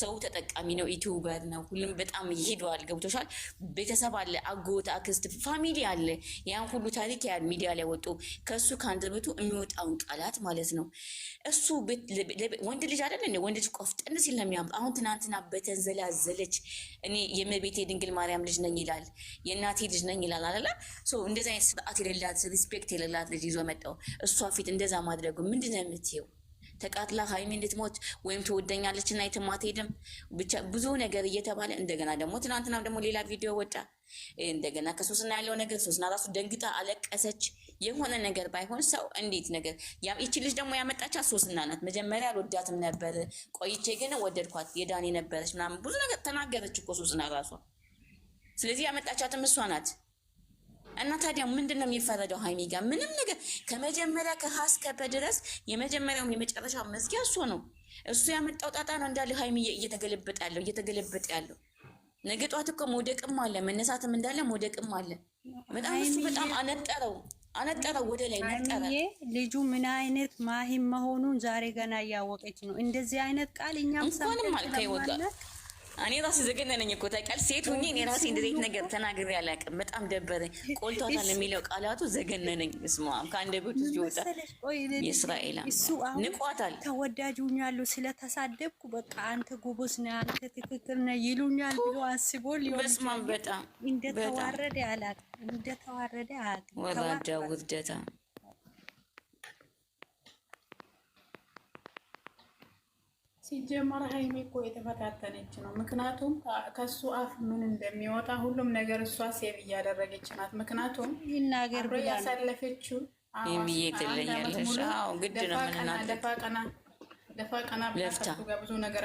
ሰው ተጠቃሚ ነው። ዩቲዩበር ነው። ሁሉም በጣም ይሄደዋል። ገብቶሻል። ቤተሰብ አለ፣ አጎት፣ አክስት፣ ፋሚሊ አለ። ያን ሁሉ ታሪክ ያል ሚዲያ ላይ ወጡ። ከእሱ ከአንደበቱ የሚወጣውን ቃላት ማለት ነው። እሱ ወንድ ልጅ አይደለ? ወንድ ልጅ ቆፍጠን ሲል ነው የሚያምር። አሁን ትናንትና በተንዘላዘለች እኔ የእመቤቴ ድንግል ማርያም ልጅ ነኝ ይላል፣ የእናቴ ልጅ ነኝ ይላል አለ። እንደዚ አይነት ስርዓት የሌላት ሪስፔክት የሌላት ልጅ ይዞ መጣው። እሷ ፊት እንደዛ ማድረጉ ምንድን ነው የምትይው? ተቃጥላ ሀይሚ እንድትሞት ወይም ትወደኛለች እና የትም አትሄድም ብቻ ብዙ ነገር እየተባለ እንደገና ደግሞ ትናንትናም ደግሞ ሌላ ቪዲዮ ወጣ። እንደገና ከሶስና ያለው ነገር ሶስና ራሱ ደንግጣ አለቀሰች። የሆነ ነገር ባይሆን ሰው እንዴት ነገር ይቺ ልጅ ደግሞ ያመጣቻት ሶስና ናት። መጀመሪያ አልወዳትም ነበር፣ ቆይቼ ግን ወደድኳት የዳኔ ነበረች ምናምን ብዙ ነገር ተናገረች እኮ ሶስና ራሷ። ስለዚህ ያመጣቻትም እሷ ናት። እና ታዲያ ምንድን ነው የሚፈረደው? ሀይሚ ጋር ምንም ነገር ከመጀመሪያ ከሀስከበ ድረስ የመጀመሪያውም የመጨረሻ መዝጊያ እሱ ነው። እሱ ያመጣው ጣጣ ነው እንዳለ ሀይሚ እየተገለበጠ ያለው እየተገለበጠ ያለው ነገ ጧት እኮ መውደቅም አለ መነሳትም እንዳለ መውደቅም አለ። በጣም እሱ በጣም አነጠረው አነጠረው ወደ ላይ ነጠረ። ልጁ ምን አይነት ማሂም መሆኑን ዛሬ ገና እያወቀች ነው። እንደዚህ አይነት ቃል እኛም ሰምተን እኔ ራሴ ዘገነ ነኝ እኮ ታውቂያለሽ። ሴት ሁኜ እኔ ራሴ እንደዚህ ነገር ተናግሬ አላውቅም። በጣም ደበረኝ። ቆልቷታል የሚለው ቃላቱ ዘገነነኝ። እስማ ከአንድ ቤት ውስጥ ይወጣ የእስራኤል ንቋታል። ተወዳጁኛሉ ስለተሳደብኩ በቃ አንተ ጉቦስ ነህ፣ አንተ ትክክል ነህ ይሉኛል ብሎ አስቦ ሊሆን በጣም እንደተዋረደ አላውቅም። እንደተዋረደ አላውቅም። ወራዳ ውርደታ ሲጀመር ሀይሜ እኮ የተፈታተነች ነው። ምክንያቱም ከሱ አፍ ምን እንደሚወጣ ሁሉም ነገር እሷ ሴብ እያደረገች ናት። ምክንያቱም ይናገር ብላ ያሳለፈችው የሚየትለኛለሽ ግድ ነው። ደፋ ቀና ደፋ ቀና ጋር ብዙ ነገር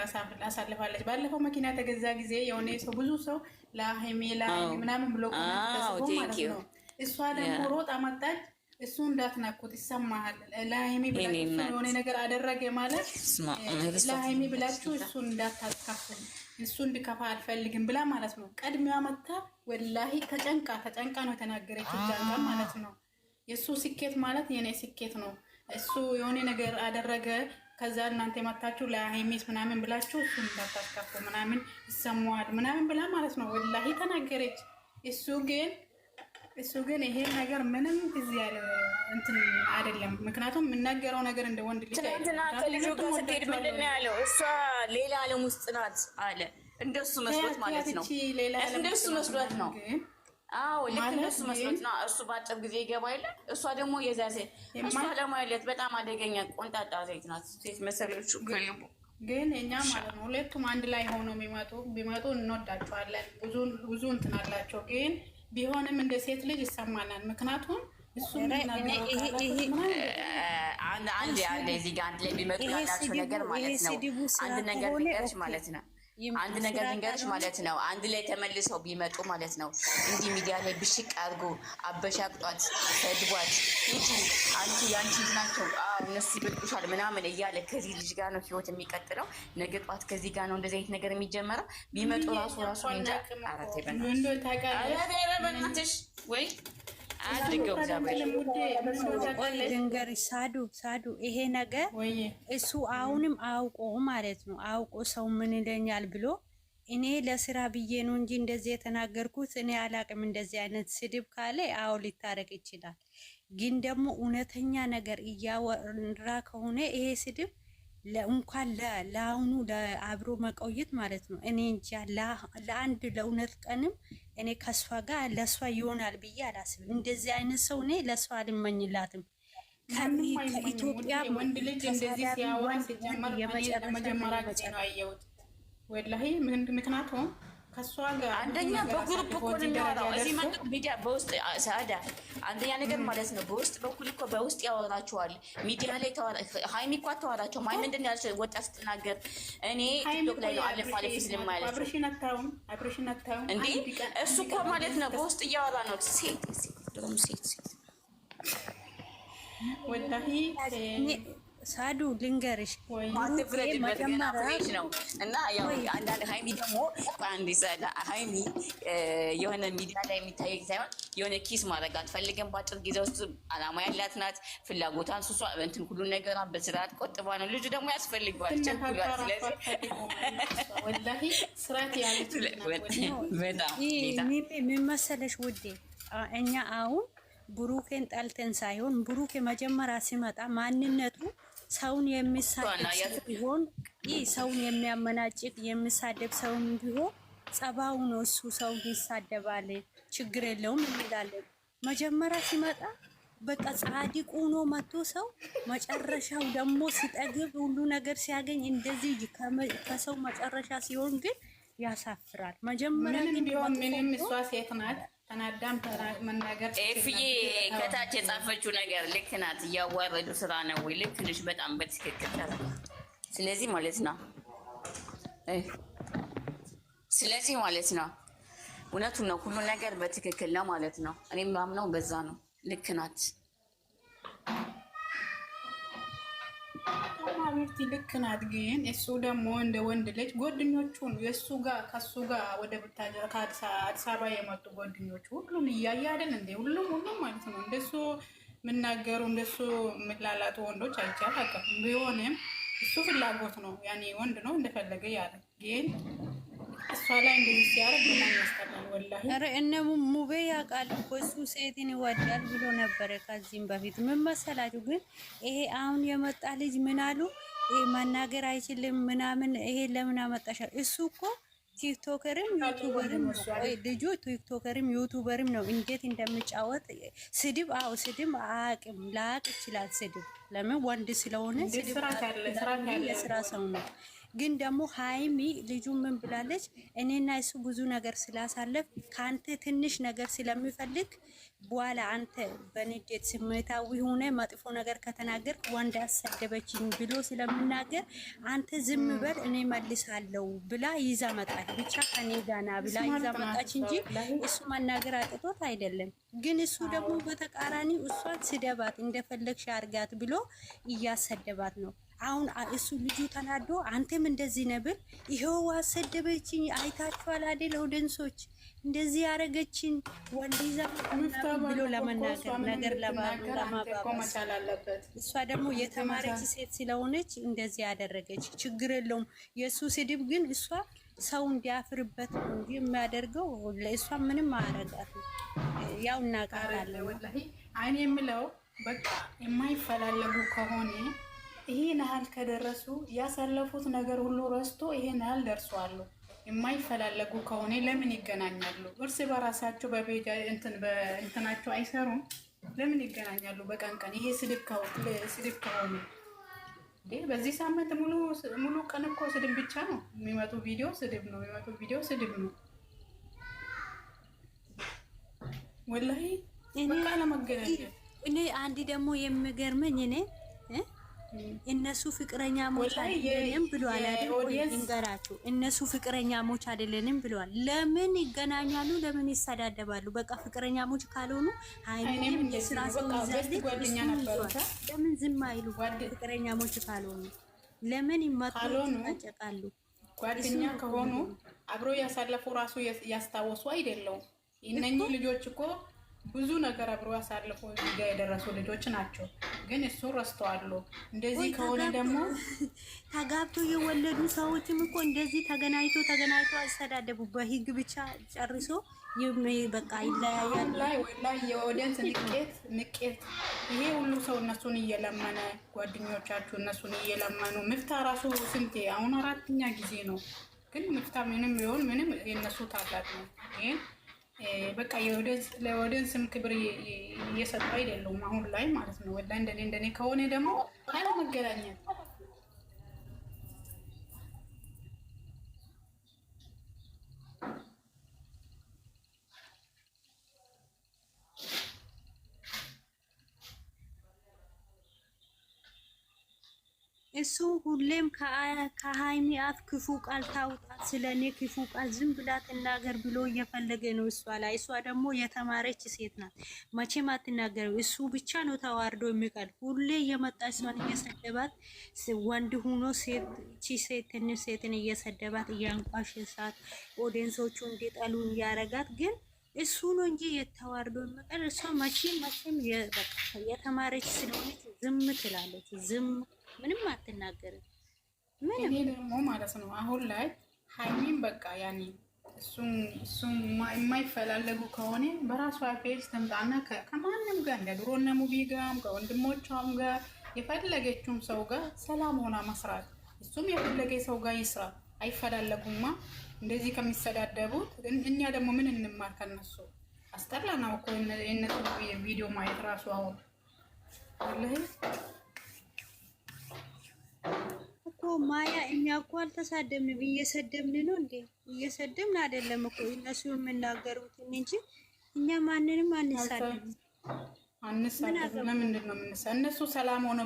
አሳልፋለች። ባለፈው መኪና የተገዛ ጊዜ የሆነ ሰው ብዙ ሰው ለሀይሜ ላይ ምናምን ብሎ ማለት ነው። እሷ ደግሞ ሮጣ መጣች እሱ እንዳትነኩት ይሰማሃል። ለሀይሚ ብላችሁ የሆነ ነገር አደረገ ማለት ለሀይሚ ብላችሁ እሱ እንዳታስካፉ እሱ እንድከፋ አልፈልግም ብላ ማለት ነው። ቀድሚዋ መታ ወላሂ ተጨንቃ ተጨንቃ ነው የተናገረች ጃንጋ ማለት ነው የእሱ ስኬት ማለት የኔ ስኬት ነው። እሱ የሆነ ነገር አደረገ ከዛ እናንተ መታችሁ ለሀይሚስ ምናምን ብላችሁ እሱ እንዳታስካፉ ምናምን ይሰማዋል ምናምን ብላ ማለት ነው። ወላሂ ተናገረች። እሱ ግን እሱ ግን ይሄን ነገር ምንም እዚህ ያለ እንትን አይደለም። ምክንያቱም የምናገረው ነገር እንደ ወንድ ልጅ ትናንትና ከልጁ ጋር ስትሄድ ምንድን ነው ያለው? እሷ ሌላ ዓለም ውስጥ ናት አለ። እንደሱ መስሎት ማለት ነው። እንደሱ መስሎት ነው። አዎ ልክ እንደሱ መስሎት ነው። እሱ በአጭር ጊዜ ይገባ የለ እሷ ደግሞ የዛ ሴት እሷ ለማለት በጣም አደገኛ ቆንጣጣ ሴት ናት። ሴት መሰሎቹ ከልቡ ግን እኛ ማለት ነው ሁለቱም አንድ ላይ ሆኖ ቢመጡ ቢመጡ እንወዳቸዋለን። ብዙ ብዙ እንትን አላቸው ግን ቢሆንም እንደ ሴት ልጅ ይሰማናል። ምክንያቱም አንድ አንድ እዚህ ጋር አንድ ላይ ቢመጡ ያላቸው ነገር ማለት ነው አንድ ነገር ማለት ነው አንድ ነገር ልንገርሽ ማለት ነው። አንድ ላይ ተመልሰው ቢመጡ ማለት ነው እንዲህ ሚዲያ ላይ ብሽቅ አድርጎ አበሻቅጧት፣ ሰድቧት፣ ሂጂ አንቺ የአንቺ ናቸው እነሱ ይበልጡሻል ምናምን እያለ ከዚህ ልጅ ጋር ነው ህይወት የሚቀጥለው። ነገ ጧት ከዚህ ጋር ነው እንደዚህ አይነት ነገር የሚጀመረው። ቢመጡ ራሱ ራሱ እንጃ። ኧረ ተይ በእናትሽ ወይ አድርገው ሳዱ ሳዱ ይሄ ነገር እሱ አሁንም አውቆ ማለት ነው አውቆ ሰው ምን ይለኛል ብሎ እኔ ለስራ ብዬ ነው እንጂ እንደዚህ የተናገርኩት እኔ አላቅም። እንደዚህ አይነት ስድብ ካለ አዎ ሊታረቅ ይችላል። ግን ደግሞ እውነተኛ ነገር እያወራ ከሆነ ይሄ ስድብ እንኳን ለአሁኑ ለአብሮ መቆየት ማለት ነው። እኔ እንጃ ለአንድ ለእውነት ቀንም እኔ ከእሷ ጋር ለእሷ ይሆናል ብዬ አላስብም። እንደዚህ አይነት ሰው እኔ ለእሷ አልመኝላትም። ከኢትዮጵያ ወንድ ልጅ እንደዚህ ሲያወራ ሲጀመር መጀመሪያ ጊዜ ነው ያየሁት ወላሂ ምክንያቱም አንደኛ በግሩፕ እኮ ነው የሚያወራው። እዚህ መጡ ሚዲያ በውስጥ ሰዳ አንደኛ ነገር ማለት ነው። በውስጥ በኩል እኮ በውስጥ ያወራቸዋል። ሚዲያ ላይ ሀይሚ እኮ አታወራቸው። ማይ ምንድን ያለች ወጣ ስትናገር እኔ ቲክቶክ ላይ ነው አለፍ አለፍ ስልም ያለች እንዴ እሱ እኮ ማለት ነው በውስጥ እያወራ ነው። ሴት ሴት ሴት ሳዱ ልንገርሽ ነው እና ያው አንዳንድ ሀይሚ ደግሞ በአንድ ሀይሚ የሆነ ሚዲያ ላይ የሚታየ ሳይሆን የሆነ ኪስ ማድረግ አትፈልግም። በአጭር ጊዜ ውስጥ አላማ ያላት ናት። ፍላጎቷን ሱሷ እንትን ሁሉ ነገር በስርዓት ቆጥባ ነው። ልጁ ደግሞ ያስፈልገዋል፣ ቸኩሏል። ስለዚህ ምን ውዴ እኛ አሁን ብሩኬን ጠልተን ሳይሆን ብሩኬ መጀመሪያ ሲመጣ ማንነቱ ሰውን የሚሳደብ ቢሆን ሰውን የሚያመናጭቅ የሚሳደብ ሰውን ቢሆን ጸባው ነው እሱ ሰውን ይሳደባል፣ ችግር የለውም የሚላለ መጀመሪያ ሲመጣ በቃ ጻድቅ ሆኖ መጥቶ ሰው መጨረሻው ደግሞ ሲጠግብ ሁሉ ነገር ሲያገኝ እንደዚህ ከሰው መጨረሻ ሲሆን ግን ያሳፍራል። መጀመሪያ ግን ቢሆን ምንም እሷ ሴት ናት ተናዳም ኤፍዬ ከታች የጻፈችው ነገር ልክ ናት። እያዋረዱ ስራ ነው ወይ? ልክ ነሽ በጣም በትክክል ስለዚህ ማለት ነው ስለዚህ ማለት ነው እውነቱን ነው። ሁሉ ነገር በትክክል ነው ማለት ነው። እኔም ማምነው በዛ ነው። ልክ ናት። ሀቢብቲ ልክ ናት። ግን እሱ ደግሞ እንደ ወንድ ልጅ ጓደኞቹን የእሱ ጋር ከሱ ጋር ወደ ብታጀራ ከአዲስ አበባ የመጡ ጓደኞቹ ሁሉም እያያደን እንደ ሁሉም ሁሉም ማለት ነው እንደሱ የምናገሩ እንደሱ የምላላጡ ወንዶች አይቻል ቢሆንም እሱ ፍላጎት ነው ያኔ ወንድ ነው እንደፈለገ ያለ ግን እሷ ላይ እንደዚህ ሲያደርግ በጣም ያስጠላል። ወላሂ ኧረ እነ ሙቤ ያውቃል እኮ እሱ ሴትን ይወዳል ብሎ ነበረ ከዚህም በፊት ምን መሰላችሁ? ግን ይሄ አሁን የመጣ ልጅ ምን አሉ መናገር አይችልም ምናምን። ይሄ ለምን አመጣሻል? እሱ እኮ ቲክቶከርም ዩቱበርም ልጁ ቲክቶከርም ዩቱበርም ነው። እንዴት እንደምጫወት ስድብ፣ አዎ ስድብ አያውቅም፣ ላያውቅ ይችላል ስድብ። ለምን ወንድ ስለሆነ ስራ ሰው ነው። ግን ደግሞ ሀይሚ ልጁ ምን ብላለች? እኔና እሱ ብዙ ነገር ስላሳለፍ ከአንተ ትንሽ ነገር ስለሚፈልግ በኋላ አንተ በንዴት ስሜታዊ ሆነ መጥፎ ነገር ከተናገር ወንድ አሰደበችኝ ብሎ ስለምናገር አንተ ዝም በል እኔ መልሳለሁ ብላ ይዛ መጣች። ብቻ ከኔ ጋና ብላ ይዛ መጣች እንጂ እሱ መናገር አጥቶት አይደለም። ግን እሱ ደግሞ በተቃራኒ እሷን ስደባት እንደፈለግሽ አርጋት ብሎ እያሰደባት ነው። አሁን እሱ ልጁ ተናዶ አንተም እንደዚህ ነበር፣ ይሄው አሰደበችኝ፣ አይታችኋል አይደል? ኦዲየንሶች እንደዚህ ያረገችን ወንዲዛ ብሎ ለመናገር ነገር ለማባባስ፣ እሷ ደግሞ የተማረች ሴት ስለሆነች እንደዚህ ያደረገች ችግር የለውም። የእሱ ስድብ ግን እሷ ሰው እንዲያፍርበት ነው እንጂ የሚያደርገው ለእሷ ምንም አያረጋት። ያው እናቃራለን። ወላሂ አይኔ የምለው በቃ የማይፈላለጉ ከሆነ ይሄን ያህል ከደረሱ ያሳለፉት ነገር ሁሉ ረስቶ ይሄን ያህል ደርሷሉ። የማይፈላለጉ ከሆነ ለምን ይገናኛሉ? እርስ በራሳቸው በቤጃ እንትናቸው አይሰሩም። ለምን ይገናኛሉ? በቀን ቀን ይሄ ስድብ ከሆነ በዚህ ሳምንት ሙሉ ቀን እኮ ስድብ ብቻ ነው የሚመጡ። ቪዲዮ ስድብ ነው የሚመጡ። ቪዲዮ ስድብ ነው ወላሂ በቃ ለመገናኘት እኔ አንድ ደግሞ የሚገርመኝ እኔ እነሱ ፍቅረኛ ሞች አይደለንም ብሏል አይደል? ይንገራችሁ፣ እነሱ ፍቅረኛ ሞች አይደለንም ብሏል። ለምን ይገናኛሉ? ለምን ይሰዳደባሉ? በቃ ፍቅረኛ ሞች ካልሆኑ ሃይሚም የስራ ሰው ይዘልት ለምን ዝም አይሉ? ፍቅረኛ ሞች ካልሆኑ ለምን ይመጣሉ? ይጨቃሉ? ጓደኛ ከሆኑ አብሮ ያሳለፉ ራሱ ያስታወሱ አይደለም። እነኚህ ልጆች እኮ ብዙ ነገር አብሮ ያሳለፉ እዚጋ የደረሱ ልጆች ናቸው። ግን እሱ ረስተዋሉ። እንደዚህ ከሆነ ደግሞ ተጋብቶ የወለዱ ሰዎችም እኮ እንደዚህ ተገናኝቶ ተገናኝቶ አስተዳደቡ በህግ ብቻ ጨርሶ በቃ ይለያያል። ላይ ወላሂ የኦዲየንስ ንቄት ንቄት ይሄ ሁሉ ሰው እነሱን እየለመነ ጓደኞቻችሁ እነሱን እየለመኑ ምፍታ ራሱ ስንቴ አሁን አራተኛ ጊዜ ነው። ግን ምፍታ ምንም ቢሆን ምንም የእነሱ ታላቅ ነው ይሄ በቃ ለወደንስም ክብር እየሰጡ አይደለም አሁን ላይ ማለት ነው። ወላ እንደኔ እንደኔ ከሆነ ደግሞ አለመገናኘት እሱ ሁሌም ከሀይሚ አፍ ክፉ ቃል ታውጣ፣ ስለ እኔ ክፉ ቃል ዝም ብላ ትናገር ብሎ እየፈለገ ነው እሷ ላይ። እሷ ደግሞ የተማረች ሴት ናት፣ መቼም አትናገረው። እሱ ብቻ ነው ተዋርዶ የሚቀር። ሁሌ እየመጣ እሷን እየሰደባት ወንድ ሁኖ ሴት ሴት ትንሽ ሴትን እየሰደባት እያንቋሽ ሳት ኦዲየንሶቹ እንዲጠሉ እያረጋት ግን እሱ ነው እንጂ የተዋርዶ የሚቀር እሷ መቼም መቼም የተማረች ስለሆነች ዝም ትላለች ዝም ምንም አትናገርም። ምንም ደግሞ ማለት ነው አሁን ላይ ሀይሚን በቃ ያኔ እሱም የማይፈላለጉ ከሆነ በራሷ ፔጅ ተምጣና ከማንም ጋር እንደ ድሮ እነ ሙቢ ጋም ከወንድሞቿም ጋር የፈለገችውም ሰው ጋር ሰላም ሆና መስራት፣ እሱም የፈለገ ሰው ጋር ይስራ። አይፈላለጉማ እንደዚህ ከሚሰዳደቡት። እኛ ደግሞ ምን እንማር ከነሱ? አስጠላ ነው እኮ ቪዲዮ ማየት ራሱ አሁን እኮ ማያ፣ እኛ እኮ አልተሳደብንም። እየሰደብን ነው እንዴ? እየሰደብን አይደለም እኮ እነሱ የምናገሩትን እንጂ እኛ ማንንም አንሳደብም። ምንድን ነው የምንሳ? እነሱ ሰላም ሆነው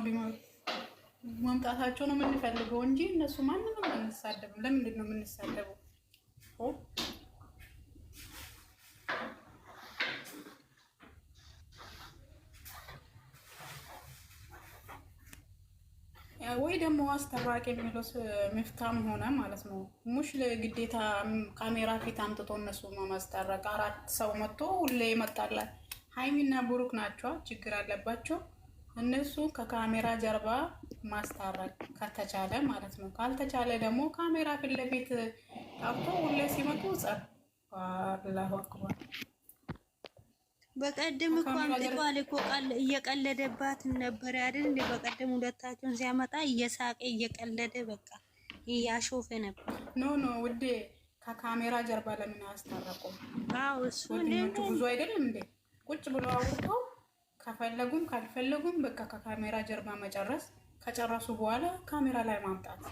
መምጣታቸው ነው የምንፈልገው እንጂ እነሱ ማንንም አንሳደብም። ለምንድን ነው የምንሳደበው? ወይ ደግሞ አስተራቂ የሚለው መፍታም ሆነ ማለት ነው። ሙሽ ለግዴታ ካሜራ ፊት አምጥቶ እነሱ ማስታረቅ አራት ሰው መጥቶ ሁሌ ይመጣላል። ሀይሚና ብሩክ ናቸዋ ችግር አለባቸው። እነሱ ከካሜራ ጀርባ ማስታረቅ ከተቻለ ማለት ነው። ካልተቻለ ደግሞ ካሜራ ፊት ለፊት አብቶ ሁሌ ሲመጡ ጸብ አላሁ አክበር በቀደም እኮ አምጥቷል እኮ ቃል እየቀለደባት ነበር አይደል? እንዴ? በቀደም ሁለታቸውን ሲያመጣ እየሳቀ እየቀለደ በቃ እያሾፈ ነበር። ኖ ኖ ውዴ፣ ከካሜራ ጀርባ ለምን አስታረቁ? አዎ እሱ ብዙ አይደለም እንዴ ቁጭ ብሎ አውርተው ከፈለጉም ካልፈለጉም በቃ ከካሜራ ጀርባ መጨረስ፣ ከጨረሱ በኋላ ካሜራ ላይ ማምጣት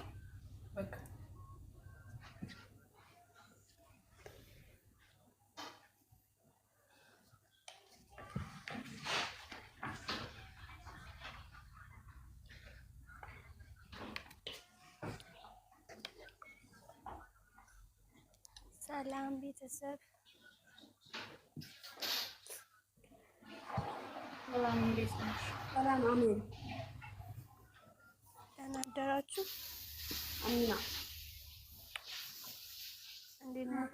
ሰላም ቤተሰብ ሰላም አሜን ደህና አደራችሁ። አሚና እንዴት ነሽ?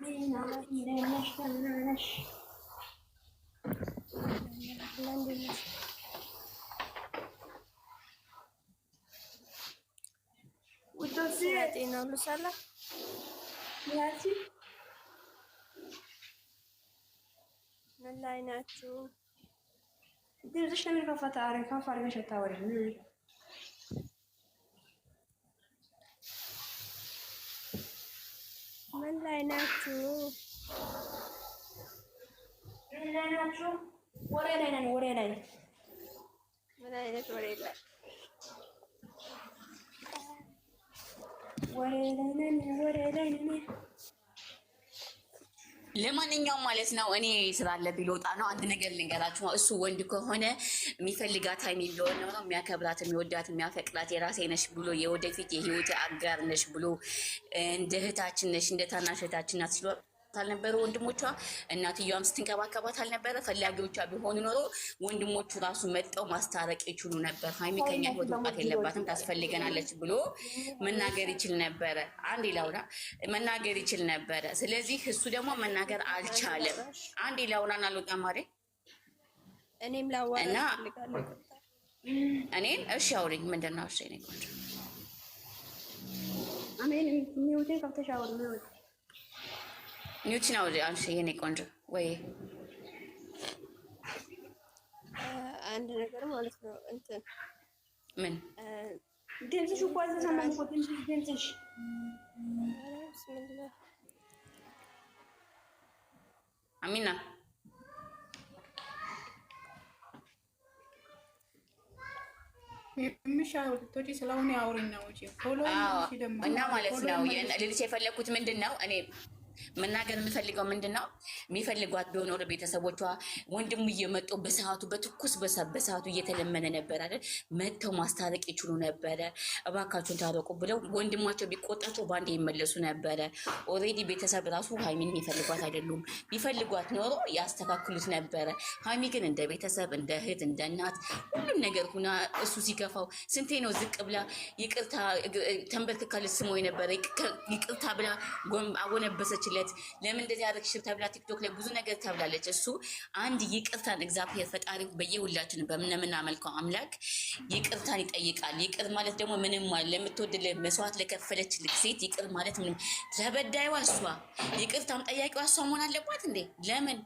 ደህና ጤና ሁሉ ሰላም ምን ላይ ናችሁ? ድምፅሽ ለምን ከፈታ አረግ ከፍ አድርገሽ አታወሪም? ምን ላይ ናችሁ? ምን ላይ ናችሁ? ወሬ ላይ ነን። ወሬ ላይ ምን አይነት ወሬ ላይ ወሬ ላይ ነን። ወሬ ላይ ነን። ለማንኛውም ማለት ነው እኔ ስላለ ቢልወጣ ነው። አንድ ነገር ልንገራችሁ፣ እሱ ወንድ ከሆነ የሚፈልጋት ሀይሚ ቢሆን ነው የሚያከብራት፣ የሚወዳት፣ የሚያፈቅራት የራሴ ነሽ ብሎ የወደፊት የህይወት አጋር ነሽ ብሎ እንደ እህታችን ነሽ እንደ ታናሽ እህታችን ናት አልነበረ ወንድሞቿ እናትየዋም ስትንከባከባት አልነበረ። ፈላጊዎቿ ቢሆኑ ኖሮ ወንድሞቹ ራሱ መጠው ማስታረቅ ይችሉ ነበር። ሀይሚ ከኛ ህይወት መውጣት የለባትም ታስፈልገናለች ብሎ መናገር ይችል ነበረ። አንድ ላውራ መናገር ይችል ነበረ። ስለዚህ እሱ ደግሞ መናገር አልቻለም። አንድ ላውራ አልወጣ ማሬ እኔም ላዋራ እኔን እሺ አውሪኝ። ምንድን ነው እሺ? እኔ ቆንጆ ኒውቲን አውሪ አንቺ የኔ ቆንጆ። ወይ አንድ ነገር ማለት ነው እንትን ምን ድምፅሽ እኮ አልተሰማም እኮ ድምፅሽ አሚና የምሻቶች ስለሆነ አውሪና እና ማለት ነው ልልሽ የፈለግኩት ምንድን ነው እኔ መናገር የምፈልገው ምንድን ነው የሚፈልጓት ቢሆን ቤተሰቦቿ ወንድሙ እየመጡ በሰዓቱ በትኩስ በሰዓቱ እየተለመነ ነበር አይደል? መጥተው ማስታረቅ ይችሉ ነበረ። እባካችሁን ታረቁ ብለው ወንድማቸው ቢቆጣቸው በአንድ ይመለሱ ነበረ። ኦልሬዲ ቤተሰብ ራሱ ሀይሚን የሚፈልጓት አይደሉም። ቢፈልጓት ኖሮ ያስተካክሉት ነበረ። ሀይሚ ግን እንደ ቤተሰብ፣ እንደ እህት፣ እንደ እናት ሁሉም ነገር ሁና እሱ ሲከፋው ስንቴ ነው ዝቅ ብላ ይቅርታ ተንበርክካ ልስሞ የነበረ ይቅርታ ብላ አጎነበሰችል ሲለት ለምን እንደዚህ አደረግሽ ተብላ ቲክቶክ ላይ ብዙ ነገር ተብላለች። እሱ አንድ ይቅርታን እግዚአብሔር ፈጣሪ በየሁላችን በምናመልከው አምላክ ይቅርታን ይጠይቃል። ይቅር ማለት ደግሞ ምንም ማለት ለምትወድል መስዋዕት ለከፈለች ልክ ሴት ይቅር ማለት ምንም ተበዳይዋ እሷ ይቅርታም ጠያቂዋ እሷ መሆን አለባት እንዴ? ለምን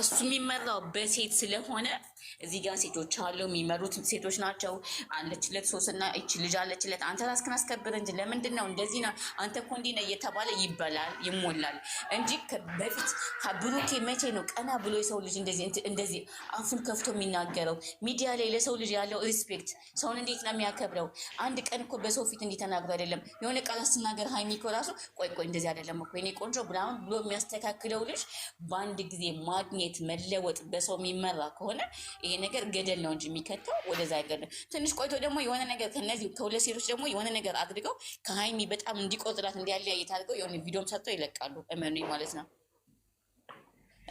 እሱ የሚመራው በሴት ስለሆነ እዚህ ጋር ሴቶች አሉ፣ የሚመሩት ሴቶች ናቸው። አለችለት ሶስና እች ልጅ አለችለት። አንተ ራስክን አስከብር እንጂ ለምንድን ነው እንደዚህ ነው አንተ እኮ እንዲህ ነው እየተባለ ይበላል ይሞላል እንጂ በፊት ከብሩኬ መቼ ነው ቀና ብሎ የሰው ልጅ እንደዚህ አፉን ከፍቶ የሚናገረው? ሚዲያ ላይ ለሰው ልጅ ያለው ሪስፔክት ሰውን እንዴት ነው የሚያከብረው? አንድ ቀን እኮ በሰው ፊት እንዲተናግሩ አይደለም የሆነ ቃል ስናገር ሀይሚ እኮ ራሱ ቆይ ቆይ እንደዚህ አይደለም እኮ የኔ ቆንጆ ብላሁን ብሎ የሚያስተካክለው ልጅ በአንድ ጊዜ ማግኘት መለወጥ በሰው የሚመራ ከሆነ ይሄ ነገር ገደል ነው እንጂ የሚከተው ወደዛ ገደ ትንሽ ቆይቶ ደግሞ የሆነ ነገር ከነዚህ ከሁለት ሴቶች ደግሞ የሆነ ነገር አድርገው ከሀይሚ በጣም እንዲቆጥላት እንዲያለያየት አድርገው የሆነ ቪዲዮም ሰጥተው ይለቃሉ። እመኑ ማለት ነው።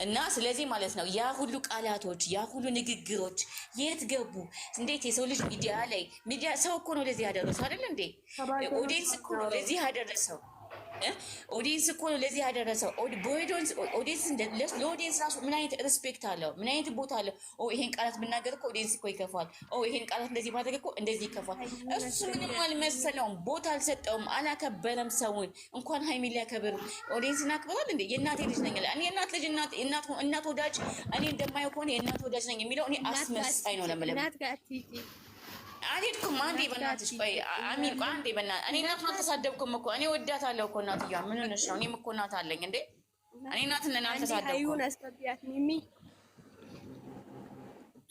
እና ስለዚህ ማለት ነው ያ ሁሉ ቃላቶች ያ ሁሉ ንግግሮች የት ገቡ? እንዴት የሰው ልጅ ሚዲያ ላይ ሚዲያ ሰው እኮ ነው ለዚህ ያደረሰው አይደል እንዴ? ኦዲየንስ እኮ ነው ለዚህ ያደረሰው ኦዲየንስ እኮ ነው ለዚህ ያደረሰው። ለኦዲየንስ ራሱ ምን አይነት ሬስፔክት አለው? ምን አይነት ቦታ አለው? ይሄን ቃላት ብናገር እኮ ኦዲየንስ እኮ ይከፋል። ይሄን ቃላት እንደዚህ ማድረግ እኮ እንደዚህ ይከፋል። እሱ ምንም አልመሰለውም፣ ቦታ አልሰጠውም፣ አላከበረም ሰውን። እንኳን ሀይሚ ሊያከብር ኦዲየንስ እናክብራል እንዴ! የእናቴ ልጅ ነኝ እኔ የእናት ልጅ እናት ወዳጅ እኔ እንደማየው ከሆነ የእናት ወዳጅ ነኝ የሚለው እኔ አስመሳይ ነው ለምለም አልሄድኩም። አንዴ በእናትሽ ቆይ፣ አሚ አንዴ በእናትሽ እኔ እናት አልተሳደብኩም እኮ እኔ ወዳታለሁ እኮ እናትዬ፣ ምን ሆነሽ ነው? እኔም እኮ እናት አለኝ እንዴ። እኔ እናትን አልተሳደብኩም።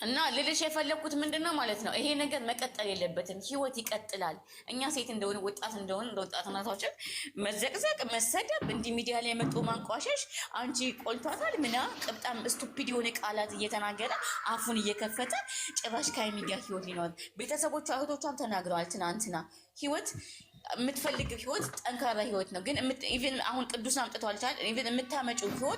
እና ልልሽ የፈለግኩት ምንድን ነው ማለት ነው፣ ይሄ ነገር መቀጠል የለበትም። ህይወት ይቀጥላል። እኛ ሴት እንደሆነ ወጣት እንደሆነ እንደ ወጣትናታችን መዘቅዘቅ፣ መሰደብ፣ እንዲህ ሚዲያ ላይ መጦ ማንቋሸሽ፣ አንቺ ቆልቷታል ምና ቅብጣም ስቱፒድ የሆነ ቃላት እየተናገረ አፉን እየከፈተ ጭራሽ ከሀይሚ ጋር ህይወት ሊኖር ቤተሰቦቿ እህቶቿም ተናግረዋል ትናንትና ህይወት የምትፈልግ ህይወት ጠንካራ ህይወት ነው። ግን አሁን ቅዱስ አምጥተዋል። ኢቨን የምታመጪው ህይወት